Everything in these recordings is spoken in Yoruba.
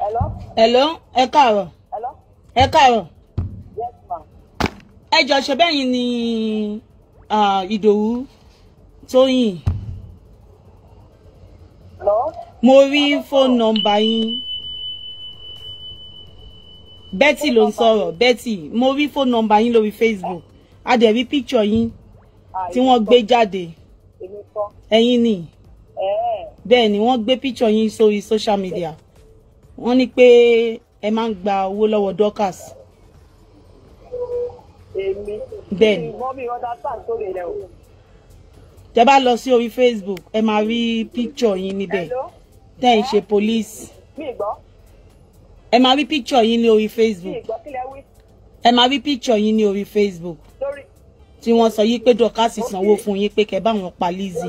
hello. hello ẹ káàárọ̀. hello. ẹ káàárọ̀. yes ma. ẹ jọ ṣe bẹ́yìn ni Ìdòwú Tóyìn. hello. mo rí fóònù nọ́mbà yín. Betty ló ń sọ̀rọ̀ Betty mo rí fóònù nọ́mbà yín lórí Facebook a dẹ̀ rí píkṣọ̀ yín ah, tí wọ́n gbé jáde ẹ̀yin ni bẹ́ẹ̀ ni wọ́n gbé píkṣọ̀ yín sórí social media. Okay wọ́n ní pé ẹ máa ń gba owó lọ́wọ́ Dorcas. bẹ́ẹ̀ni mọ́mí bá lọ sí orí Facebook ẹ máa rí píkṣọ yín níbẹ̀ tẹ́ ẹ̀ ṣe police. mi gbọ́. ẹ máa rí píkṣọ yín ní orí Facebook. mi gbọ́ kílẹ̀ wí. ẹ máa rí píkṣọ yín ní orí Facebook. lórí tí wọ́n sọ yí pé Dorcas sanwó fún yín pé kẹ́ bá wọn pa Lizzy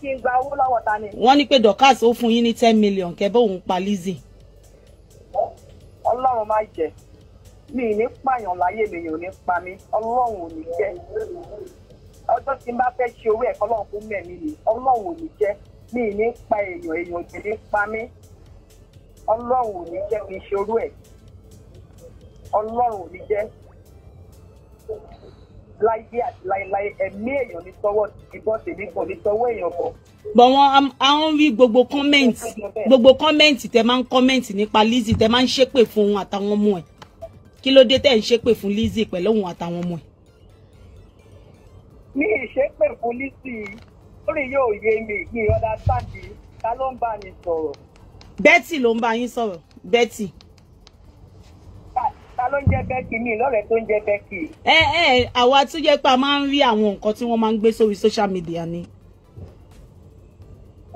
kí n gba owó lọ́wọ́ ta ni. wọ́n ní pé Dorkas ó fún yín ní ten million kẹ́ bóun pa Lizzy. ọlọ́run má jẹ́ mi ní pààyàn láyé mi ò ní pa mí ọlọ́run ò ní jẹ́ ọjọ́ tí n bá fẹ́ ṣe owó ẹ̀kọ́ lọ́run fún mẹ́mi ni ọlọ́run ò ní jẹ́ mi ní pa èèyàn èèyàn ò ní pa mí ọlọ́run ò ní jẹ́ mi ṣe orú ẹ̀ ọlọ́run ò ní jẹ́ láyé àti láéláé ẹ̀mí èèyàn ní tọwọ́ ìbọn tèmi kò ní tọwọ́ èèyàn kọ. bọ̀ wọ́n a ń rí gbogbo kọ́mẹ́ǹtì gbogbo kọ́mẹ́ǹtì tẹ máa ń kọ́mẹ́ǹtì nípa Lizzy tẹ máa ń ṣépè fún òun àtàwọn ọmọ ẹ̀ kí ló dé tẹ̀ ń ṣépè fún Lizzy pẹ̀lú òun àtàwọn ọmọ ẹ̀. mi ì ṣépè fún Lizzy lórí yóò yé mi mi ọ̀dà sáàdì ta ló ń bá mi sọ̀rọ̀. Betty ló ń bá yín sọ̀rọ̀ Betty ta ló ń jẹ́ bẹ́ẹ̀kì mi lọ́rẹ̀ẹ́ tó ń jẹ́ bẹ́ẹ̀kì. ẹ ẹ àwa tó jẹ́ pé a máa ń rí àwọn nǹkan tí wọ́n máa ń gbé sórí social media ni.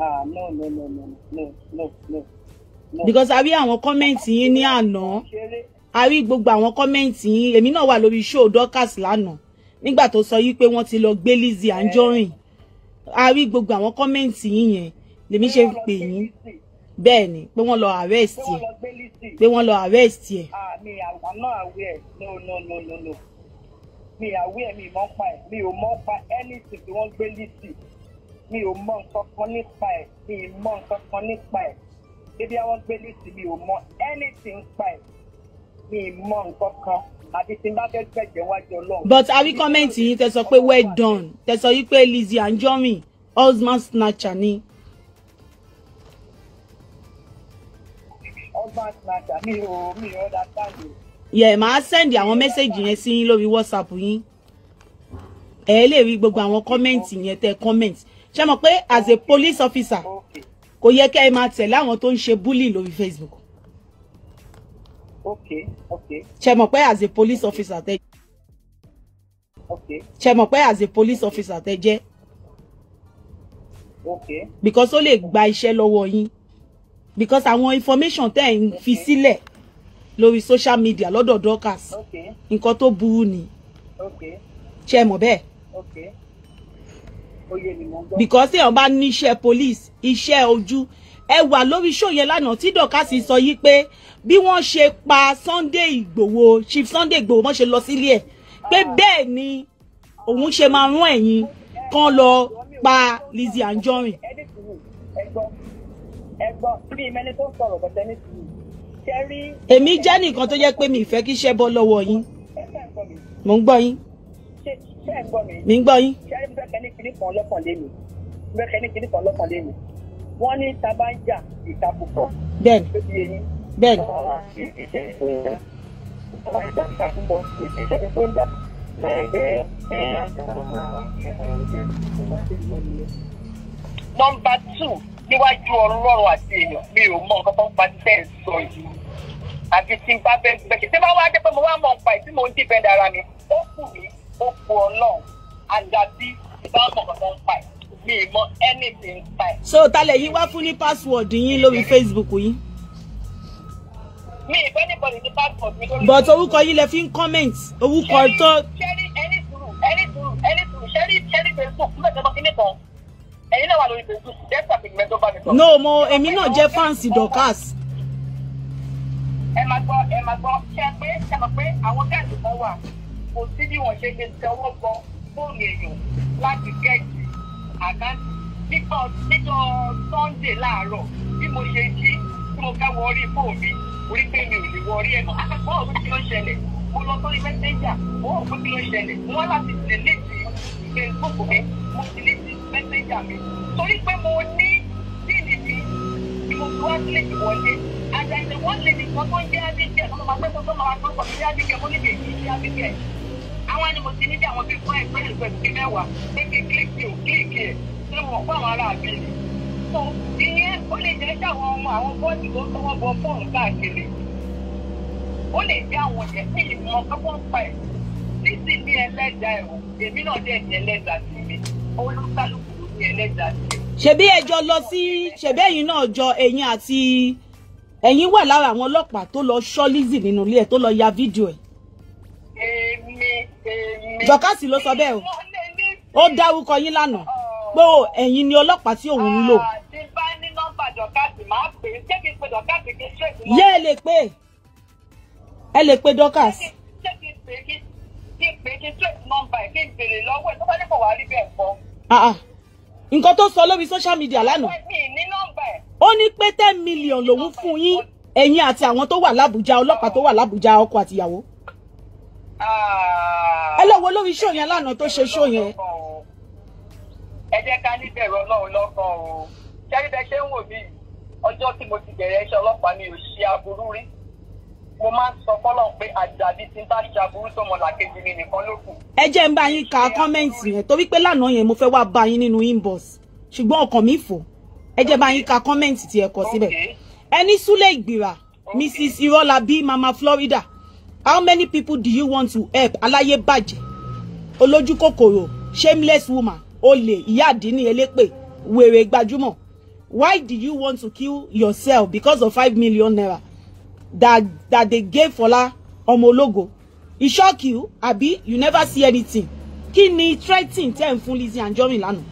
ah no no no no no no no. because a rí àwọn kọ́mẹ́ǹtì yín ní àná a rí gbogbo àwọn kọ́mẹ́ǹtì yín èmi náà wà lórí show Dorkas lánàá nígbà tó sọ yìí pé wọ́n ti lọ gbé Lizzy Anjorin a rí gbogbo àwọn kọ́mẹ́ǹtì yín yẹn lèmi ṣe pè yín bẹ́ẹ̀ ni pé wọ́n lọ arrest ẹ̀ pé wọ́n lọ arrest ẹ̀. Ah, mi àwọn náà aware no no no no no mi aware mi mọ́ pa ẹ̀ mi ò mọ́ pa anything tí wọ́n gbé lítì mi ò mọ nǹkan kan nípa ẹ̀ mi ì mọ nǹkan kan nípa ẹ̀ bébí àwọn gbé lítì mi ò mọ anything pa ẹ̀ mi ì mọ nǹkan kan àti tí n bá fẹ́ gbẹ̀jẹ̀ wájú ọlọ́run. but àrí kọ́mẹ́ǹtì yìí tẹ sọ pé well done tẹ sọ yìí pé Lizzy Anjorin husband snatcher ni. husband. matter mi ò mi ò understand o. yẹ ẹ máa sẹ́ndì àwọn mẹ́sẹ̀gì yẹn sí yín lórí whatsapp yín ẹ lè rí gbogbo àwọn kọ́mẹ̀ǹtì yẹn tẹ kọ́mẹ̀ǹtì ṣé mọ̀ pé as a police officer kò yẹ kẹ́ ẹ máa tẹ̀lé àwọn tó ń ṣe bullying lórí facebook. okay okay. ṣé mọ̀ pé as a police officer tẹ. okay. ṣé mọ̀ pé as a police officer tẹ jẹ́. okay. because ó lè gba iṣẹ́ lọ́wọ́ yín. Okay because àwọn information tẹ́ ẹ̀ ń fi sílẹ̀ lórí social media lọ́dọ̀ Dorkas nǹkan tó burú ni ṣe mọ̀ bẹ́ẹ̀ because tí èèyàn bá níṣẹ́ police iṣẹ́ ojú ẹ wà lórí ṣòyẹ lánàá tí Dorkas sọ yìí pé bí wọ́n ṣe pa Sunday Igboho Chief Sunday Igboho wọ́n ṣe lọ sílé ẹ̀ pé ah. bẹ́ẹ̀ ni òun ṣe máa rán ẹ̀yin kan lọ pa Lizzy Anjorin ẹ̀gbọ́n bíi mẹni tó ń sọ̀rọ̀ bọ̀tẹ́ ní sùúrù ṣe rí. èmi jẹ́ nìkan tó jẹ́ pé mi ìfẹ́ kí iṣẹ́ bọ́ lọ́wọ́ yín mo ń gbọ́ yín mi ń gbọ́ yín. ṣe rí bẹ́ẹ̀ kẹ́ni kìíní kan lọ́kàn lé mi bẹ́ẹ̀ kẹ́ni kìíní kan lọ́kàn lé mi wọ́n ní ta ń jà ìta púpọ̀. bẹ́ẹ̀ni bẹ́ẹ̀ni. number two níwájú ọlọ́run àti èèyàn mi ò mọ nǹkan tó ń pa tẹ́ ẹ̀ sọ yìí àti tí n bá bẹ gbẹ̀kẹ̀ tí n bá wá jẹ́ mo wá mọ̀ nípa ẹ̀ tí ń dìbẹ́ndà ara mi ó kù mí ó kù ọlọ́run àgbàbí ìbá mọ̀ nǹkan tó ń pa mi ì mọ anything pa ẹ̀. so talẹ̀ yìí wá fún ní password yín lórí Facebook yìí. mi ì fẹ́ ní password mi lórí. but orúkọ yìí lẹ fi ń comment orúkọ tó. ṣẹ́rí ẹni sùúrù ẹni sùúrù ẹni sùúrù ṣẹ́rí ṣẹ́rí Facebook ẹ̀yin náà wà lórí facebook dẹ́sà fi mẹ́tọ́ bá mi sọ. no mo èmi náà jẹ́ fáǹsì dorcas. ẹ máa gbọ́ ẹ máa gbọ́ ṣe pé ṣe mọ̀ pé àwọn gáàsì kan wà kò sí bí wọ́n ṣe lè tẹ́wọ́ bọ fóònù èèyàn láti gẹ̀ẹ́jì àkáǹtì nígbà sunday láàárọ̀ bí mo ṣe jí tí mo ká wọrí fóònù mi orí pé mi ò lè wọrí ẹ̀ mọ́ àkàkọ́ ọ̀rọ̀ kí ló ṣẹlẹ̀ mo lọ sórí mẹ́sẹ̀njà mo rò pé ṣẹlẹ̀ wọ́n láti tẹ̀lé ti mẹ́sẹ̀njà mi torí pé mo ní díìnì mi ni mo fi wá sílé ìwọlé àjàìsè wọ́n lè ní kan tó ń jẹ́ abíkẹ́ tó máa gbé tó máa gbé pọ̀ sí abíkẹ́ mo ní lè ní sí abíkẹ́ àwọn ni mo ti ní bí àwọn bíi fún ẹgbẹ́ ìgbẹ́ ìgbẹ́ mẹ́wàá pé kí kílíkì ò kílíkì ẹ̀ tí wọ́n fún àwọn ará àbí mi. so ìyẹn ó lè jẹ́ sí àwọn ọmọ àwọn bọ́ọ̀dì tó tọwọ́ bọ fóònù káàkiri ó lè jẹ́ àwọn ọ̀jẹ̀ tí ìmọ̀ kọ́kọ́ ń pa ẹ̀ nísìnyí ẹlẹ́dàá ẹ̀wò èmi náà dẹ̀ ní ẹlẹ́dàá sí mi olúkálùkù ṣebí ẹjọ lọ sí ṣebí ẹ̀yin náà jọ ẹ̀yin àti ẹ̀yin wà lára àwọn ọlọ́pàá tó lọ ṣọ́ Lizzy nínú ilé ẹ̀ tó lọ ya fídíò ẹ̀. jọkásì ló sọ bẹ́ẹ̀ o ó dárúkọ yín lánàá pé ẹ̀yin ni ọlọ́pàá tí òun ń lò. àti ah, bá ní nọ́mbà jọkásì máa pè é ẹ lè pè ẹ lè pe dorcas. kí n pè kí n pè kí n ṣe kí n béèrè lọ́wọ́ ẹ̀ tó bá ní kò wá rí bẹ́ẹ̀ kọ́. Ah, ah nǹkan tó sọ lórí social media lánàá ó ní pé ten million lòún fún yín ẹ̀yin àti àwọn tó wà lábújá ọlọ́pàá tó wà lábújá ọkọ àtìyàwó ah. ẹ lọ wo lórí ṣó yẹn lánàá tó ṣe ṣó yẹn. ẹ jẹ́ ká ní bẹ̀rù ọlọ́run lọ́kàn o ṣẹ́rí bẹ́ẹ̀ ṣe ń wò mí ọjọ́ tí mo ti bẹ̀rẹ̀ iṣẹ́ ọlọ́pàá mi ò ṣe aburú rí mo máa ń sọ fọlọ́n pé àjàdí ti ń bá ṣàbúrú sọmọ làkejì mi nìkan ló ẹ jẹ́ ń bá yín ka kọ́mẹ́ǹtì yẹn torí pé lánàá yẹn mo fẹ́ wá bá yín nínú inbox ṣùgbọ́n ọkàn mi fò ẹ jẹ́ bá yín ka kọ́mẹ́ǹtì tí ẹ síbẹ̀ ẹni súlẹ̀ ìgbìrà mrs irọ́lábí mama florida how many people do you want to help aláyé bàjẹ́ olójú kòkòrò shameless woman olè ìyá àdínní elépè wèrè gbajúmọ̀ why do you want to kill yourself because of five million naira that that they gave Fola Omologo e shock you abi you never see anything Kini ni threatening tẹ́ ń fún and Anjorin lánàá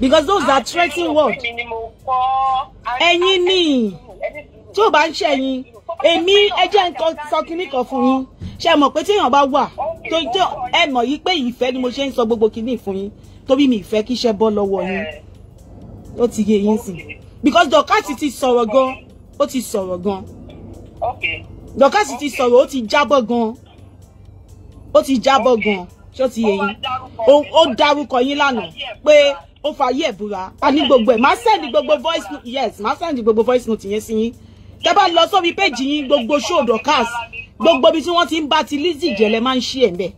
because those are threatening words ẹ̀yin ni tí ò bá ń ṣẹ̀yìn èmi ẹjẹ́ ń sọ kinní kan fún yín ṣe mọ̀ pé téèyàn bá wà tó tó ẹ mọ̀ yìí pé ìfẹ́ ni mo ṣe ń sọ gbogbo kinní fún yín torí mi ìfẹ́ kí iṣẹ́ bọ́ lọ́wọ́ yín eh. ó ti yé yín sí because dọ̀kátì ti sọ̀rọ̀ gan-an ó ti sọ̀rọ̀ gan. dọ́kàsì ti sọ̀rọ̀ ó ti jábọ̀ gan ó ti jábọ̀ gan ṣó ti yẹ yín ó dárúkọ yín lánàá pé ó fààyè ẹ̀ búra a ní gbogbo ẹ̀ máa send gbogbo voice note yes máa send gbogbo voice note yẹn sí yín tẹ́ bá lọ sórí péjì yín gbogbo show dọ́kàsì gbogbo ibi tí wọ́n ti ń bá ti Lizzy jẹ́ lẹ máa ń ṣí ẹ̀ ń bẹ̀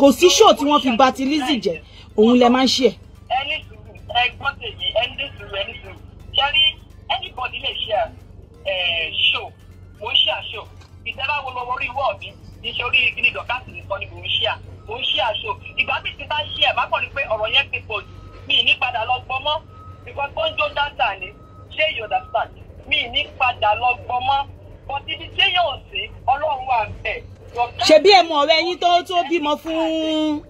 kò sí show tí wọ́n fi bá ti Lizzy jẹ́ òun lẹ máa ń ṣí ẹ̀. ẹni sùúrù ẹgbọ́n tèmi ẹni sùúrù ẹni sùúrù ṣẹ́rí Eh, show, mo ń ṣíà ṣò ìtẹ́lá wo lọ́wọ́ orí wọ́ọ̀dù ní ṣe orí kíní dọ̀kásì nìkan ni mo ń ṣíà mo ń ṣíà ṣò ìgbà mi ti bá ṣíà má kàn ní pé ọ̀rọ̀ yẹn ti pọ̀ jù mi ní padà lọ gbọ́ mọ́ ìkọ́ tó ń jó dáta ni ṣé you understand mi ní padà lọ gbọ́ mọ́ bọ́tí bí ṣé yóò sí ọlọ́run wà ń bẹ̀. ṣebí ẹ mọ̀ ọ̀rẹ́ yín tó tó bímọ fún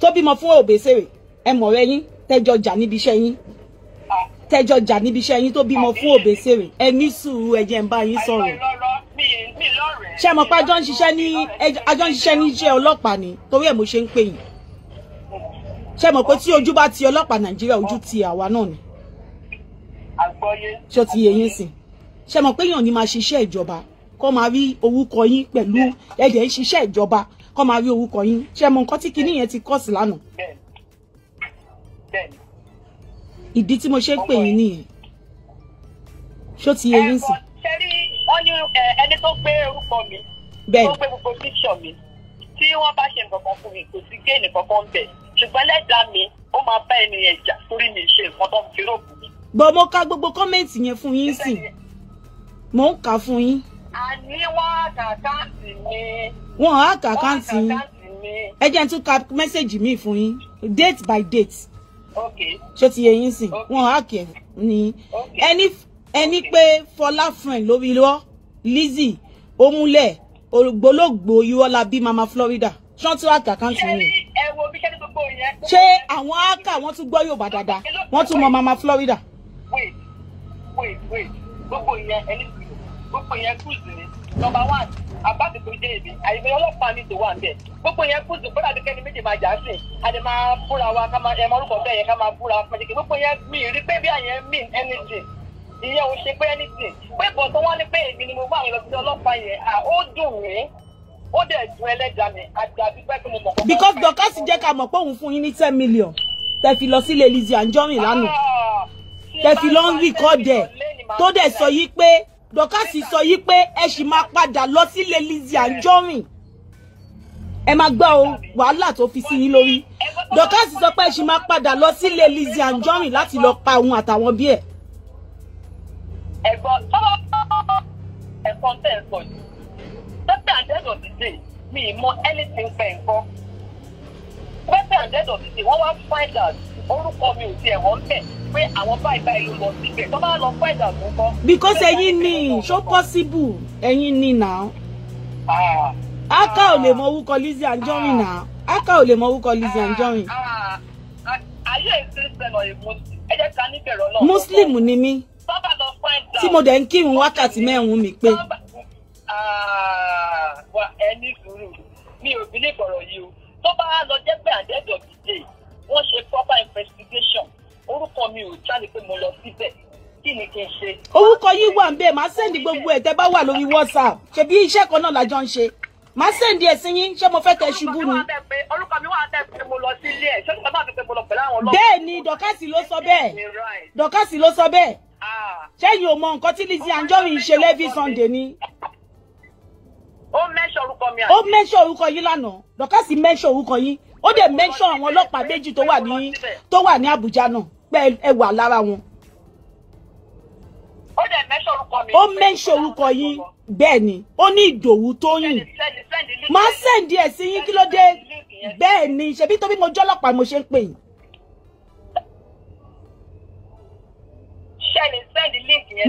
tó bímọ fún òbèsèrè ẹ mọ̀ ọ̀rẹ́ yín tẹ́jọ jà níbi iṣẹ́ yín tẹjọ jà níbi iṣẹ́ yín tó bímọ fún Òbèsèrè ẹ ní sùúrù ẹ jẹ́ ń bá yín sọ̀rọ̀ ṣé mo pa àjọ ń ṣiṣẹ́ ní àjọ ń ṣiṣẹ́ ní iṣẹ́ ọlọ́pàá ni torí ẹ̀ mo ṣe ń pè yín ṣé mo pé tí ojú bá ti ọlọ́pàá Nàìjíríà ojú ti àwa náà ni ṣé o ti yẹ yín sìn ṣé mo pé yàn ní máa ṣiṣẹ́ ìjọba kó máa rí orúkọ yín pẹ̀lú ẹ̀jẹ̀ ń ṣiṣẹ́ ìjọba kó máa rí orúkọ yín ṣé mo nǹkan tí kinní yẹn ti kọ́ọ̀sì lánàá. bẹ́ẹ̀ni bẹ́ẹ̀ni ìdí tí mo ṣe ń pè yín nìyẹn ṣó ti yẹ yín sìn. ṣe rí wọn ní ẹni tó gbé orúkọ mi tó gbé gbogbo píṣọ mi tí wọn bá ṣe nǹkan kan fún mi kò sí géènì kankan ń bẹ ṣùgbọ́n mi ó máa bá ènìyàn jà torí mi ṣe nǹkan tó ń fi rògbò mi. gbọ́ mo ka gbogbo kọ́mẹ̀ntì yẹn fún yín sìn mò ń kà á fún yín. a ní wọn àkàkáǹtì mi. wọn àkàkáǹtì mi ẹ jẹ́ n tún ka mẹ́sẹ̀gì mi fún yín date by date. Okay. ṣé ti yẹyin sìn wọn àkè ni ẹni ẹni pé Fọláfrìn lórí lọ Lizzie omulẹ ògbólógbò yíwọ́lá bí mama Florida ṣọ́ntì wà kàkáǹtì mi ṣé àwọn áàkà wọ́n tún gbọ́ Yorùbá dáadáa wọ́n tún mọ mama Florida. wait wait wait gbogbo ìyẹn ẹni gbogbo ìyẹn kúrìsì ni number one àbáàdì tó jẹ́ èmi àyèmí ọlọ́pàá mi tó wà ń bẹ̀ gbogbo yẹn kú sí fúnra dikẹ́ni méjì máa jà sí àti máa búra wa ká máa ẹmọ orúkọ bẹ́ẹ̀ yẹn ká máa búra pàtàkì gbogbo yẹn mi rí pé bí àyẹn mean anything ìyẹn ò ṣe pé anything pé bọ̀ tó wọ́n ní pé èmi ni mo bá àwọn ìlọsí ọlọ́pàá yẹn à ó dùn mí ó dẹ̀ dùn ẹlẹ́dàá mi àti àti pé kí mo mọ̀ kọ́kọ́. because dọ́kásì jẹ́ ká mọ̀ pé òun fún yín ní ten million tẹ́ fi lọ sílé Lizzy Anjorin lánàá ah, tẹ́ fi lọ ń rí kọ́ dẹ̀ tó dẹ̀ sọ yí pé dọkasi sọ yí pé ẹ sì máa padà lọ sílé Lizzy Anjorin ẹ máa gbọ́ o wàhálà tó fi sí yín lórí dọkasi sọ pé ẹ sì máa padà lọ sílé Lizzy Anjorin láti lọ pa òun àtàwọn bí ẹ. ẹ̀gbọ́n tó ẹ̀kọ́ tẹ̀ ń sọ yìí tẹ́tẹ́ àjẹ́dọ̀ ti dé mi ì mọ anything fẹ́ better and end of the day wọ́n wá find out orúkọ mi ò tiẹ̀ wọ́n bẹ̀ pé àwọn báyìí báyìí ló lọ síbẹ̀ tó bá lọ find out ló kọ́. because ẹ̀yin ni so possible ẹ̀yin ni now. Ah. aka ò lè mọ orúkọ Lizzy Anjorin ah. now aka ò lè mọ orúkọ Lizzy ah, Anjorin. ayé ìsinsìn lọ èmo ẹ jẹ́ ká níbẹ̀rẹ̀ náà. muslim ni mí tí mo dẹ̀ ń kírun wákàtí mẹ́rùn-ún mi pé. ẹni sùúrù mi ò bí ní ìbọ̀rọ̀ yìí o tó bá lọ jẹ́ pé at the end of the wọ́n ṣe proper investigation orúkọ mi ò jáde pé mo lọ síbẹ̀ kí ni kí n ṣe. orúkọ yìí wà ń bẹ màá sẹ́ndì gbogbo ẹ̀ tẹ́ bá wà lórí whatsapp ṣebí iṣẹ́ kan náà lájọ ń ṣe màá sẹ́ndì ẹ̀ sí yín ṣé mo fẹ́ kẹ́ ṣubú ni. orúkọ mi wà á tẹ̀ pé mo lọ sí ilé ẹ̀ ṣé mo máa fi pé mo lọ pẹ̀lú àwọn ọlọ́pàá. bẹ́ẹ̀ ni dọ̀kásì ló sọ bẹ́ẹ̀ dọ̀kásì ló sọ bẹ́ẹ̀ ah. ṣẹ́yìn ò mọ nǹkan tí Lizzy Anjorin ṣe lẹ́bí Sunday ni ó mẹ́ṣọ̀ orúkọ mi àná. ó mẹ́ṣọ̀ orúkọ yín lánàá dọ́kásì mẹ́ṣọ̀ orúkọ yín ó dẹ̀ mẹ́ṣọ̀ àwọn ọlọ́pàá méjì tó wà ní tó wà ní Àbújá náà pé ẹ wà lára wọn. ó dẹ̀ mẹ́ṣọ̀ orúkọ mi. ó mẹ́ṣọ̀ orúkọ yín bẹ́ẹ̀ ni ó ní Ìdòwú Tóyìn máa sẹ́ǹdì ẹ̀ sí yín kí ló dé bẹ́ẹ̀ ni ṣebí tó mo jọ́lọ́pàá mo ṣe ń pè yín.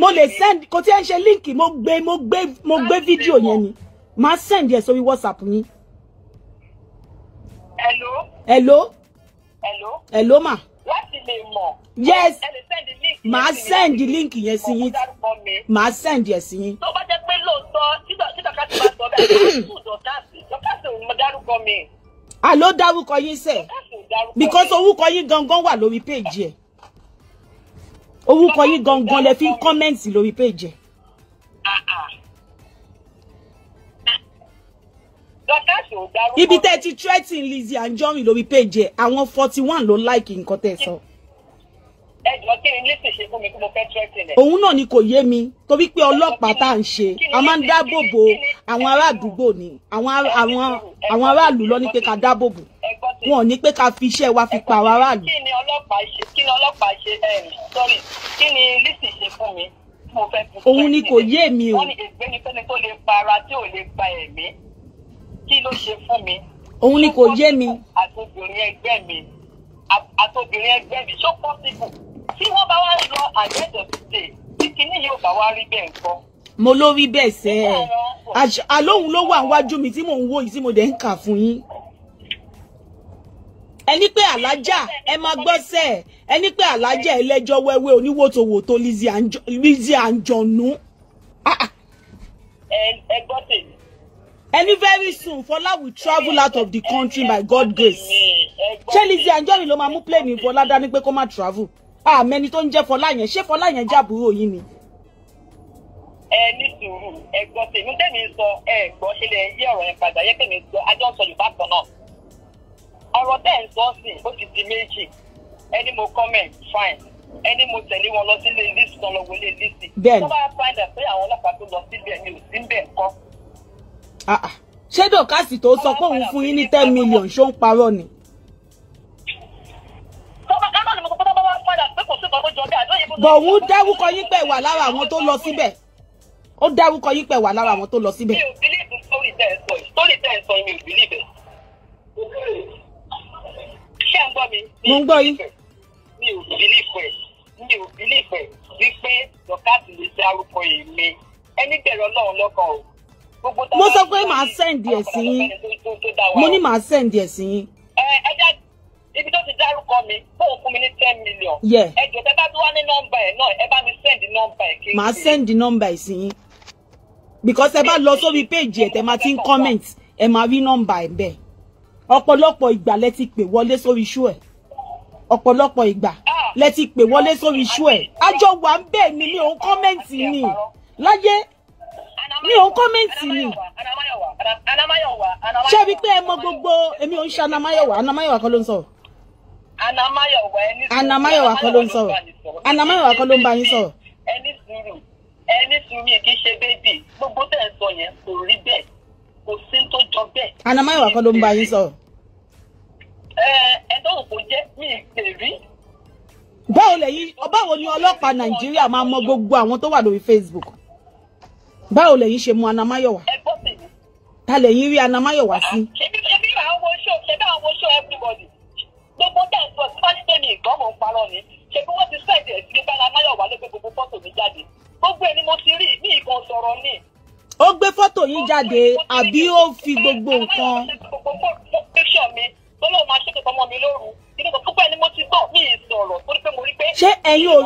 mo lè send kò tí ẹ ń ṣe líǹkì mo gbé mo gbé mo gbé fídíò yẹn ni máa send ẹ̀ sórí whatsapp yín. hello. hello. hello. hello ma. láti lè mọ̀. yes màá send link yẹn sí yín màá send yẹn sí yín. tó bá jẹ́ pé lóòótọ́ tí dọ̀ká ti máa sọ bẹ́ẹ̀ kó dọ̀kásì dọ̀kásì ò mọ dárúkọ mi. àló dárúkọ yín sẹ́ẹ̀ because orúkọ yín gangan wà lórí péèjì ẹ̀ orúkọ yín gangan lẹ fi ń kọ́mẹ́ǹtì lórí péèjì ẹ̀. ibi tẹ́ ti Lizzie and Anjorin lórí page ẹ̀ àwọn forty one ló like nǹkan tẹ́ sọ. ẹ jọ kí ni Lizzy ṣe fún mi kí mo fẹ́ threaten ẹ̀. òun náà ni kò yé mi torí pé ọlọ́pàá tá à ń ṣe a máa ń dáàbò bo àwọn ará àdúgbò ni àwọn aráàlú ló ní pé ká dáàbò bò wọn ò ní pé ká fi iṣẹ́ wa fi pa àwọn aráàlú. kí ni ọlọ́pàá ṣe kí ni ọlọ́pàá ṣe sorry kí ni Lizzy ṣe fún mi. òun ni kò yé mi o. wọ́n ní ìgbéni fẹ́ni tó lè para tí ò lè gba ẹ̀mí kí ló ṣe fún mi. òun ni kò yé mi. àtòbìnrin ẹgbẹ́ mi àtòbìnrin ẹgbẹ́ mi ṣó pọ́sibù tí wọ́n bá wá lọ àjẹ́jọ́ títè tí kinní yóò bá wá rí bẹ́ẹ̀ nǹkan. mo ló rí bẹ́ẹ̀ sẹ́ ẹ̀ àlóhùn ló wà níwájú mi tí mò ń wò yìí tí mo dẹ̀ ń kà fún yín ẹni pé alájà ẹ máa gbọ́ sẹ́ ẹ̀ ẹni pé alájà ẹlẹ́jọ́ wẹ́wẹ́ oníwòtòwòtò Lizzy Anjorin. ẹ gbọ́ tèmi Any very soon Fọlá will travel out of the country by God grace ṣé Lizzy Anjorin ló máa mú plane Fọlá dání pé kó má travel àmẹni tó ń jẹ́ Fọlá yẹn ṣé Fọlá yẹn jábúrò yín ni. ẹ ní sùúrù ẹ gbọ́ tèmi tèmi sọ ẹ gbọ́ ṣe lè yí ọ̀rọ̀ yẹn padà yẹ tèmi sọ ajọ́ sọ Yorùbá kan náà ọ̀rọ̀ tẹ̀ ń sọ sí ó ti di méjì ẹni mo comment fine ẹni mo tẹ̀lé wọn lọ sílé list kan lọ wọlé list. bẹ́ẹ̀ni tó bá find out pé àwọn ọlọ́pàá tó lọ síbẹ̀ mi ò sí bẹ́ẹ̀ kọ́ Ah, ah. ṣé dọ̀kásì tó sọ pé òun fún yín ní ten million ṣó ń parọ́ ni. bọ̀wú dárúkọ yín pẹ̀ wà lára àwọn tó lọ síbẹ̀ ó dárúkọ yín pẹ̀ wà lára àwọn tó lọ síbẹ̀. mi ò bílíìbù sórí tẹ́ ẹ sọ yìí sórí tẹ́ ẹ mo ń gbọ́ yín. mi ò bílíìbù wípé dọ̀kásì lè dárúkọ èmi ẹni bẹ̀rẹ̀ ọlọ́run lọ́kàn o mo sọ pé màá sẹ́ǹdì ẹ̀ sí yín mo ní màá sẹ́ǹdì ẹ̀ sí yín. ẹ jẹ́ ibi tó ti dárúkọ mi fóun fún mi ní ten million. ẹ jọ tẹ bá tún wá ní nọ́mbà ẹ náà ẹ bá mi sẹ́ǹdì nọ́mbà ẹ kí màá sẹ́ǹdì nọ́mbà ẹ sí yín because ẹ bá lọ sórí péèjì ẹ tẹ máa ti ń comment ẹ máa rí nọ́mbà ẹ bẹ́ẹ̀ ọ̀pọ̀lọpọ̀ ìgbà lẹ ti pè wọlé sórí ṣú ẹ ọ̀pọ̀lọpọ̀ ìgbà ah. lẹ ti pè wọlé sórí ṣú ẹ àjọ ah. wà ń bẹ́ẹ̀ ni mi ò ń kọ́mẹ́ǹtì ni ah. láyé mi ò ń kọ́mẹ̀ntì ni ṣé ibi pé ẹ mọ gbogbo èmi ò ń ṣe anamáyọ̀wá anamáyọ̀wá kọ́ ló ń sọ̀rọ̀ anamáyọ̀wá kọ́ ló ń sọ̀rọ̀ anamáyọ̀wá kọ́ ló ń bá yín sọ̀rọ̀. ẹni sùúrù ẹni sùúrù kì í ṣe bébì gbogbo tẹ̀ ń sọ yẹn kò rí bẹ́ẹ̀ kò sí tó jọ bẹ́ẹ̀. anamáyọ̀wá kọ́ ló ń bá yín sọ̀rọ̀. ẹ ẹ tó kò jẹ́ mi ìpè rí báwo lẹ́yìn báwo ni ọlọ́pàá nàìjíríà máa mọ gbogbo àwọn tó wà lórí Facebook báwo lẹ̀yin ṣe mú Anamáyọ̀wá ta lẹ̀yin rí Anamáyọ̀wá sí. ṣebí ṣebí àwọn ọmọ oṣù ṣebí àwọn ọmọ oṣù everybody gbogbo dẹ́sọ̀ tí wọ́n ti pè mí ìgbọ́n mọ̀ ń parọ́ ni ṣebí wọ́n ti sẹ́ẹ̀dì ẹ̀ sí Anamáyọ̀wá ló gbé gbogbo fọ́tò mi jáde gbogbo ẹni mo ti rí ní ìkan sọ̀rọ̀ ni. ó gbé fọ́tò yín jáde àbí ó fi gbogbo nǹkan. ṣé ẹ̀yin ò